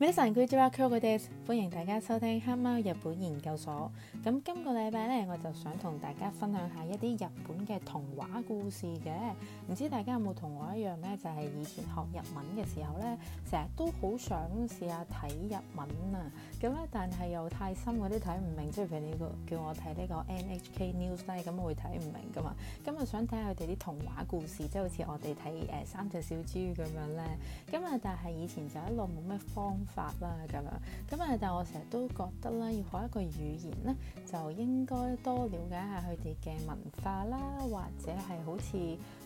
Morning, good afternoon, good day, 歡迎大家收聽黑貓日本研究所。咁今個禮拜咧，我就想同大家分享下一啲日本嘅童話故事嘅。唔知大家有冇同我一樣咧？就係以前學日文嘅時候咧，成日都好想試下睇日文啊。咁咧，但係又太深嗰啲睇唔明，即係譬如你個叫我睇呢個 NHK News 咧，咁會睇唔明噶嘛。咁啊，想睇下佢哋啲童話故事，即係好似我哋睇誒三隻小豬咁樣咧。咁啊，但係以前就一路冇咩方法。法啦咁樣，咁誒，但係我成日都覺得咧，要學一個語言咧，就應該多了解下佢哋嘅文化啦，或者係好似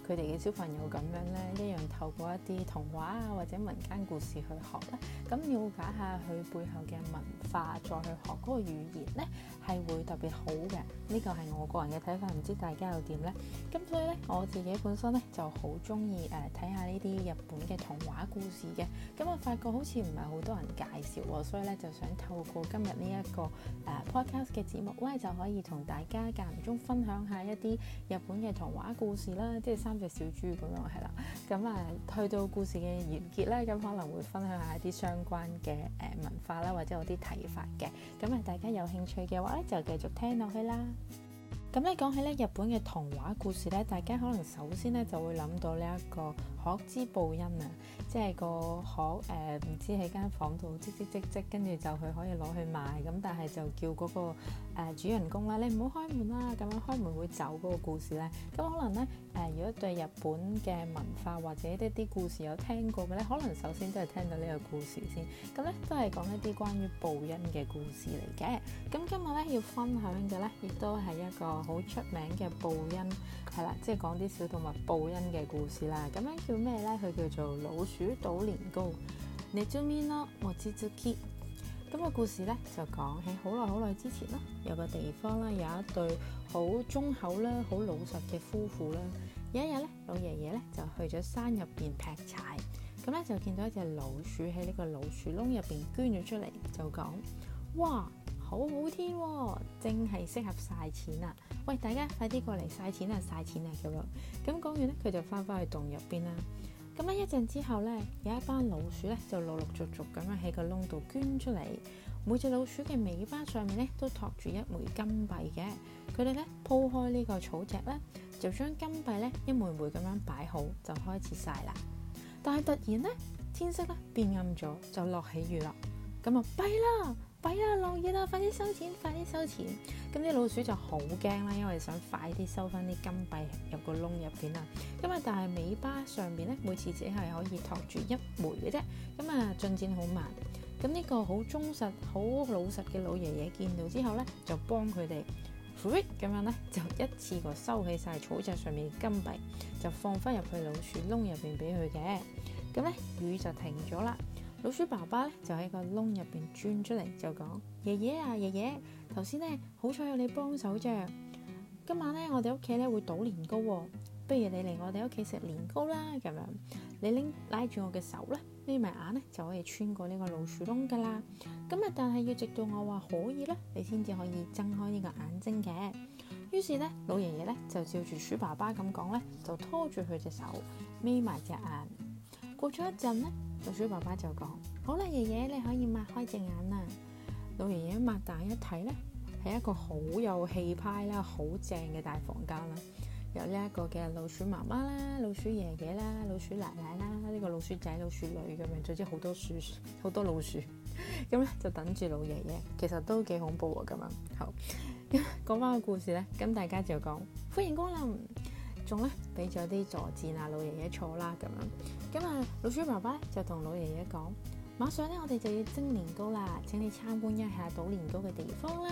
佢哋嘅小朋友咁樣咧，一樣透過一啲童話啊或者民間故事去學啦。咁瞭解下佢背後嘅文化，再去學嗰個語言咧，係會特別好嘅。呢個係我個人嘅睇法，唔知大家又點咧？咁所以咧，我自己本身咧就好中意誒睇下呢啲日本嘅童話故事嘅。咁我發覺好似唔係好多介紹，所以咧就想透過今日呢一個誒、uh, podcast 嘅節目咧， 就可以同大家間唔中分享一下一啲日本嘅童話故事啦，即係三隻小豬咁樣係啦。咁啊， 去到故事嘅完結啦，咁可能會分享一下一啲相關嘅誒、呃、文化啦，或者有啲睇法嘅。咁啊，大家有興趣嘅話咧，就繼續聽落去啦。咁咧講起咧日本嘅童話故事咧，大家可能首先咧就會諗到呢一個鶴之報恩啊，即係個鶴誒唔、呃、知喺間房度積積積積，跟住就佢可以攞去賣，咁但係就叫嗰個主人公啦，你唔好開門啦，咁樣開門會走嗰個故事咧。咁、嗯、可能咧誒、呃，如果對日本嘅文化或者一啲故事有聽過嘅咧，可能首先都係聽到呢個故事先。咁、嗯、咧都係講一啲關於報恩嘅故事嚟嘅。咁、嗯、今日咧要分享嘅咧，亦都係一個好出名嘅報恩。係啦，即係講啲小動物報恩嘅故事啦。咁樣叫咩呢？佢叫做老鼠搗年糕。你 j o 咯，我接住 k e 咁個故事呢，就講喺好耐好耐之前啦，有個地方啦，有一對好忠厚啦、好老實嘅夫婦啦。有一日呢，老爺爺呢，就去咗山入邊劈柴，咁咧就見到一隻老鼠喺呢個老鼠窿入邊捐咗出嚟，就講：哇！好好天啊，正係適合曬錢啊！喂，大家快啲過嚟曬錢啊！曬錢啊！咁樣咁講完呢，佢就翻返去洞入邊啦。咁咧一陣之後呢，有一班老鼠呢，就陸陸續續咁樣喺個窿度捐出嚟，每隻老鼠嘅尾巴上面呢，都托住一枚金幣嘅。佢哋呢，鋪開呢個草席呢，就將金幣呢，一枚枚咁樣擺好，就開始曬啦。但係突然呢，天色咧變暗咗，就落起雨啦。咁啊，弊啦！弊啊！落、哎、雨啦！快啲收錢，快啲收錢！咁啲老鼠就好驚啦，因為想快啲收翻啲金幣入個窿入邊啊！因為但係尾巴上面咧，每次只係可以托住一枚嘅啫，咁啊進展好慢。咁呢、這個好忠實、好老實嘅老爺爺見到之後咧，就幫佢哋咁樣咧，就一次過收起晒草席上面嘅金幣，就放翻入去老鼠窿入邊俾佢嘅。咁咧雨就停咗啦。老鼠爸爸咧就喺個窿入邊鑽出嚟，就講，爺爺啊，爺爺，頭先咧好彩有你幫手啫。今晚咧我哋屋企咧會倒年糕喎，不如你嚟我哋屋企食年糕啦。咁樣你拎，拉住我嘅手咧，眯埋眼咧就可以穿過呢個老鼠窿噶啦。咁啊，但係要直到我話可以咧，你先至可以睜開呢個眼睛嘅。於是咧，老爺爺咧就照住鼠爸爸咁講咧，就拖住佢隻手，眯埋隻眼。過咗一陣咧。老鼠爸爸就講：好啦，爺爺，你可以擘開隻眼啦。老爺爺擘大一睇咧，係一個好有氣派啦、好正嘅大房間啦。有呢一個嘅老鼠媽媽啦、老鼠爺爺啦、老鼠奶奶啦，呢、這個老鼠仔、老鼠女咁樣，總之好多鼠，好多老鼠。咁 咧 就等住老爺爺，其實都幾恐怖啊！咁樣，好，講返個故事咧，咁大家就講歡迎光臨。仲咧俾咗啲坐墊啊，老爺爺坐啦咁樣。咁啊，老鼠爸爸咧就同老爺爺講：「馬上咧，我哋就要蒸年糕啦，請你參觀一下倒年糕嘅地方啦。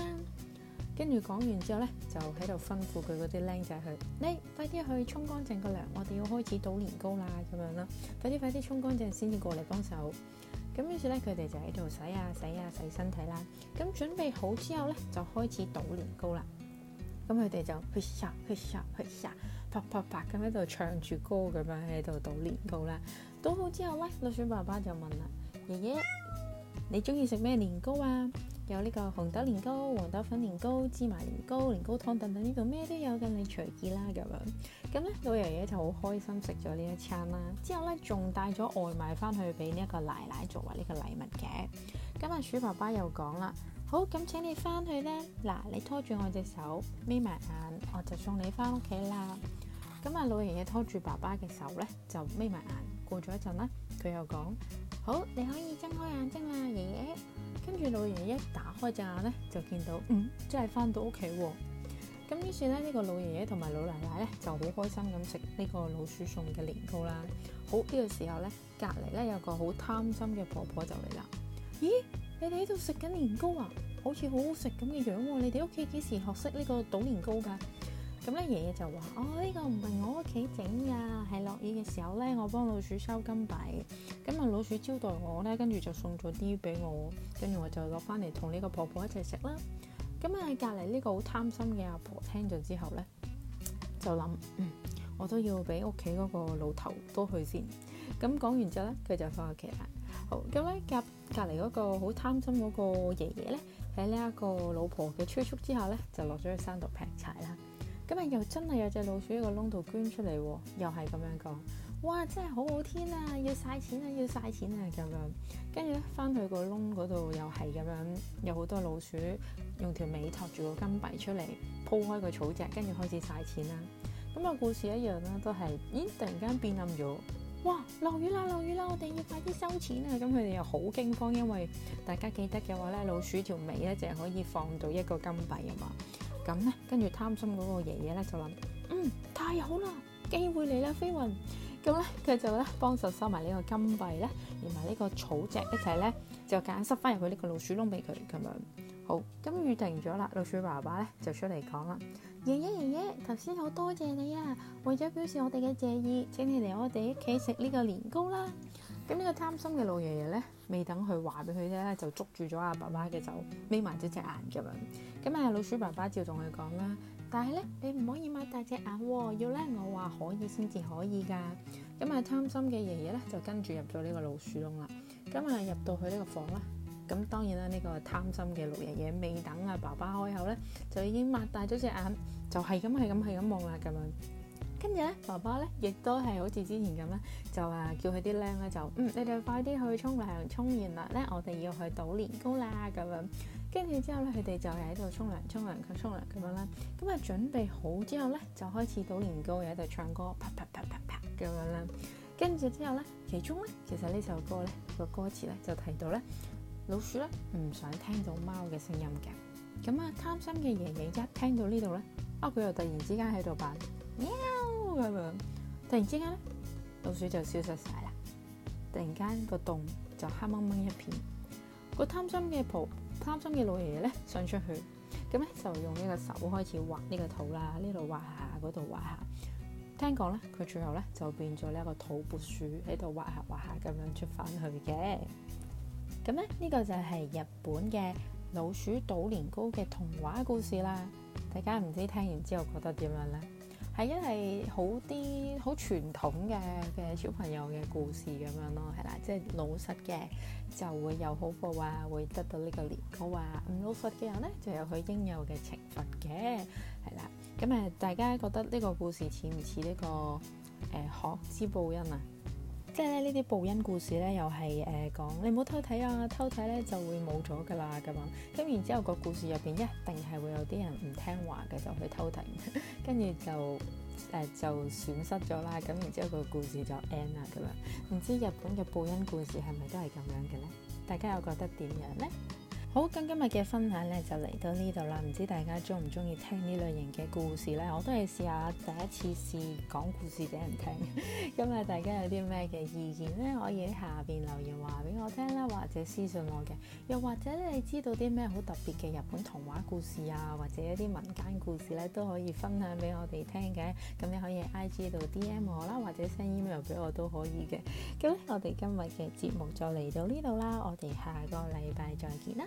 跟住講完之後咧，就喺度吩咐佢嗰啲僆仔去，你快啲去沖乾淨個涼，我哋要開始倒年糕啦。咁樣啦，快啲快啲沖乾淨先至過嚟幫手。咁於是咧，佢哋就喺度洗啊洗啊，洗，啊洗身體啦。咁準備好之後咧，就開始倒年糕啦。咁佢哋就劈嚓劈啪啪啪咁喺度唱住歌咁樣喺度倒年糕啦，倒好之後咧，老鼠爸爸就問啦：爺爺，你中意食咩年糕啊？有呢個紅豆年糕、黃豆粉年糕、芝麻年糕、年糕湯等等呢度咩都有嘅，你隨意啦咁樣。咁咧，老爺爺就好開心食咗呢一餐啦。之後咧，仲帶咗外賣翻去俾呢一個奶奶作為呢個禮物嘅。咁啊，鼠爸爸又講啦：好咁，請你翻去咧，嗱，你拖住我隻手，眯埋眼，我就送你翻屋企啦。咁啊，老爺爺拖住爸爸嘅手咧，就眯埋眼。過咗一陣咧，佢又講：好，你可以睜開眼睛啦，爺爺。跟住老爺爺一打開隻眼咧，就見到，嗯，真係翻到屋企。咁於是咧，呢個老爺爺同埋老奶奶咧就好開心咁食呢個老鼠送嘅年糕啦。好呢個時候咧，隔籬咧有個好貪心嘅婆婆就嚟啦。咦，你哋喺度食緊年糕啊？好似好好食咁嘅樣。你哋屋企幾時學識呢個倒年糕噶？咁咧，爺爺就話：哦，呢個唔係我屋企整㗎，係落雨嘅時候咧，我幫老鼠收金幣。咁啊，老鼠招待我咧，跟住就送咗啲俾我，跟住我就攞翻嚟同呢個婆婆一齊食啦。咁啊，隔離呢個好貪心嘅阿婆聽咗之後咧，就諗：嗯，我都要俾屋企嗰個老頭多去先。咁講完之後咧，佢就翻屋企啦。好咁咧，隔隔離嗰個好貪心嗰個爺爺咧，喺呢一個老婆嘅催促之下咧，就落咗去山度劈柴啦。咁啊又真係有隻老鼠喺個窿度捐出嚟喎、啊，又係咁樣講，哇，真係好好天啊！要曬錢啊，要曬錢啊咁樣。跟住咧翻去個窿嗰度又係咁樣，有好多老鼠用條尾托住個金幣出嚟，鋪開個草席，跟住開始曬錢啦、啊。咁啊故事一樣啦，都係咦突然間變暗咗，哇，落雨啦落雨啦，我哋要快啲收錢啊！咁佢哋又好驚慌，因為大家記得嘅話咧，老鼠條尾咧淨係可以放到一個金幣啊嘛。咁咧，跟住貪心嗰個爺爺咧就諗，嗯，太好啦，機會嚟啦，飛雲。咁咧，佢就咧幫手收埋呢個金幣咧，連埋呢個草席一齊咧，就揀塞翻入去呢個老鼠窿俾佢咁樣。好，金雨停咗啦，老鼠爸爸咧就出嚟講啦。爺爺爺爺，頭先好多謝你啊！為咗表示我哋嘅謝意，請你嚟我哋屋企食呢個年糕啦。咁呢個貪心嘅老爺爺咧，未等佢話俾佢聽咧，就捉住咗阿爸爸嘅手，眯埋隻隻眼咁樣。咁啊，老鼠爸爸照同佢講啦，但係咧，你唔可以擘大隻眼喎，要咧我話可以先至可以噶咁、嗯、啊，貪心嘅爺爺咧就跟住入咗呢個老鼠窿啦。咁、嗯、啊，入到去呢個房啦。咁當然啦，呢、這個貪心嘅老爺爺未等阿爸爸開口咧，就已經擘大咗隻眼，就係咁係咁係咁望啦咁樣。跟住咧，爸爸咧亦都係好似之前咁咧，就話、啊、叫佢啲僆咧就嗯，你哋快啲去沖涼，沖完啦咧，我哋要去倒年糕啦咁樣。跟住之後咧，佢哋就喺度沖涼，沖涼，佢沖涼咁樣啦。咁啊，準備好之後咧，就開始倒年糕，又喺度唱歌，啪啪啪啪啪咁樣啦。跟住之後咧，其中咧其實呢首歌咧個歌詞咧就提到咧老鼠咧唔想聽到貓嘅聲音嘅。咁啊，貪心嘅爺爺一聽到呢度咧啊，佢、哦、又突然之間喺度扮咁樣，突然之間咧，老鼠就消失晒啦。突然間個洞就黑掹掹一片。個貪心嘅婆婆、貪心嘅老爺爺咧，想出去咁咧，就用呢個手開始挖呢個土啦，呢度挖下，嗰度挖下。聽講咧，佢最後咧就變咗呢一個土撥鼠喺度挖下挖下咁樣出翻去嘅。咁咧呢個就係日本嘅老鼠搗年糕嘅童話故事啦。大家唔知聽完之後覺得點樣咧？係因為好啲好傳統嘅嘅小朋友嘅故事咁樣咯，係啦，即係老實嘅就會有好報啊，會得到呢個年糕啊，唔老實嘅人咧就有佢應有嘅懲罰嘅，係啦，咁誒大家覺得呢個故事似唔似呢個誒、呃、鶴之報恩啊？即係咧呢啲報恩故事咧，又係誒講你唔好偷睇啊，偷睇咧就會冇咗噶啦咁樣。咁然之後個故事入邊一定係會有啲人唔聽話嘅，就去偷睇，跟 住就誒、呃、就損失咗啦。咁然之後個故事就 end 啦咁樣。唔知日本嘅報恩故事係咪都係咁樣嘅咧？大家又覺得點樣咧？好，咁今日嘅分享咧就嚟到呢度啦。唔知大家中唔中意聽呢類型嘅故事呢？我都係試下第一次試講故事俾人聽。咁啊，大家有啲咩嘅意見呢？可以喺下邊留言話俾我聽啦，或者私信我嘅。又或者你知道啲咩好特別嘅日本童話故事啊，或者一啲民間故事咧，都可以分享俾我哋聽嘅。咁你可以 I G 度 D M 我啦，或者 send email 俾我都可以嘅。咁我哋今日嘅節目就嚟到呢度啦。我哋下個禮拜再見啦。